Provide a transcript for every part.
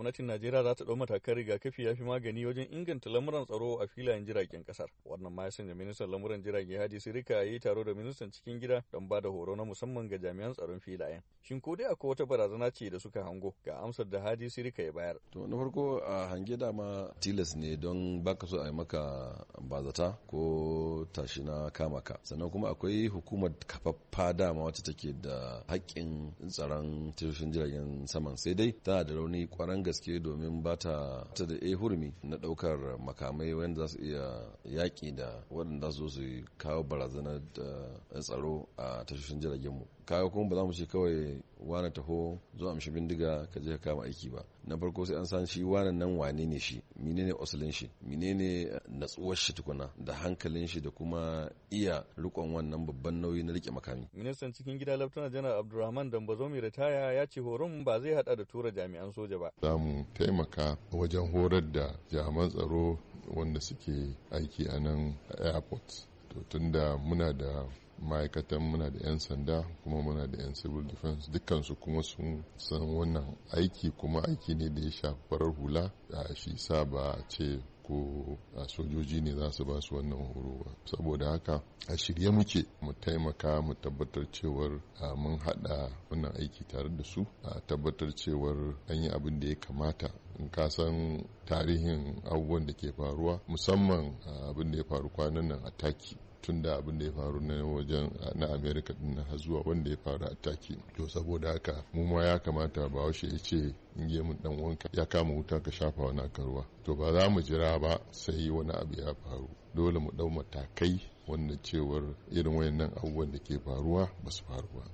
gwamnatin Najeriya za ta ɗau matakan rigakafi ya fi magani wajen inganta lamuran tsaro a filayen jiragen ƙasar. Wannan ma ya sanya ministan lamuran jirage Hadi Sirika ya yi taro da ministan cikin gida don ba da horo na musamman ga jami'an tsaron filayen. Shin ko dai akwai wata barazana ce da suka hango ga amsar da Hadi Sirika ya bayar. To na farko a hange dama tilas ne don baka so a yi maka bazata ko tashi na kama ka sannan kuma akwai hukumar kafaffa dama wacce take da haƙƙin tsaron tashoshin jiragen saman sai dai tana da rauni kwaran gaske domin ba ta da a eh hurmi na ɗaukar makamai wanda za su iya yaƙi da waɗanda su su kawo barazanar eh, tsaro a tashoshin jiragen mu kawo kuma ba za mu ce kawai wane taho zo amshi bindiga ka je ka kama aiki ba na farko sai an san shi wane nan wane ne shi menene osalin shi menene natsuwar shi tukuna da hankalin shi da kuma iya rikon wannan babban nauyi na rike makami ministan cikin gida laftana janar abdulrahman dambazomi ritaya ya ce horon ba zai hada da tura jami'an soja ba za mu taimaka wajen horar da jami'an tsaro wanda suke aiki a nan airport to tunda muna da ma'aikatan muna da 'yan sanda kuma muna da 'yan civil defense dukansu kuma sun san wannan aiki kuma aiki ne da ya shafi farar hula shi sa ba a ce ko a sojoji ne za su ba su wannan horo ba saboda haka a shirye muke mu taimaka mu tabbatar cewar mun hada wannan aiki tare da su a tabbatar cewar an yi abin da ya kamata in ka san tarihin abubuwan da ke faruwa musamman abin da ya faru kwanan nan a taki tun da abin da ya faru na wajen na america din na zuwa wanda ya faru a taki to saboda haka mu ma ya kamata ba washe ya ce in ge mun dan wanka ya kama wuta ka shafa wani karuwa to ba za mu jira ba sai wani abu ya faru dole mu dau matakai wannan cewar irin wayannan abubuwan da ke faruwa ba su faru ba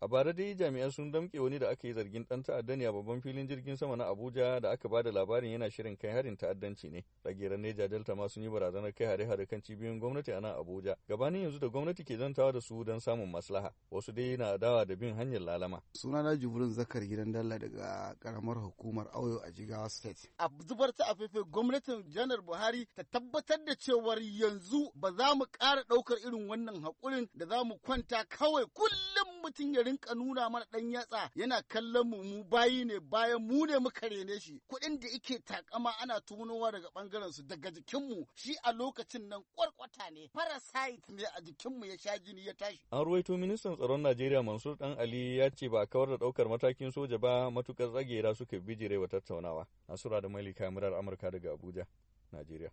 A bara dai jami'an sun damƙe wani da aka yi zargin ɗan ta'adda ne a babban filin jirgin sama na Abuja da aka ba da labarin yana shirin kai harin ta'addanci ne. Tsagerar Neja Delta ma sun yi barazanar kai hare-hare kan cibiyoyin gwamnati a nan Abuja. Gabanin yanzu da gwamnati ke zantawa da su don samun maslaha. Wasu dai na dawa da bin hanyar lalama. suna na Jibrin Zakar Gidan Dalla daga karamar hukumar Auyo a Jigawa State. A zubar ta a afefe gwamnatin Janar Buhari ta tabbatar da cewar yanzu ba za mu kara ɗaukar irin wannan haƙurin da za mu kwanta kawai kullum mutum ya rinka nuna mana ɗan yatsa yana kallon mu mu bayi ne bayan mu ne muka rene shi kuɗin da yake takama ana tunowa daga bangaren su daga jikinmu shi a lokacin nan kwarkwata ne parasite ne a jikinmu ya sha jini ya tashi. An ruwaito ministan tsaron Najeriya Mansur Dan Ali ya ce ba kawar da ɗaukar matakin soja ba matukar tsagera suka bijirewa tattaunawa. Nasura da Malika Murar Amurka daga Abuja, Najeriya.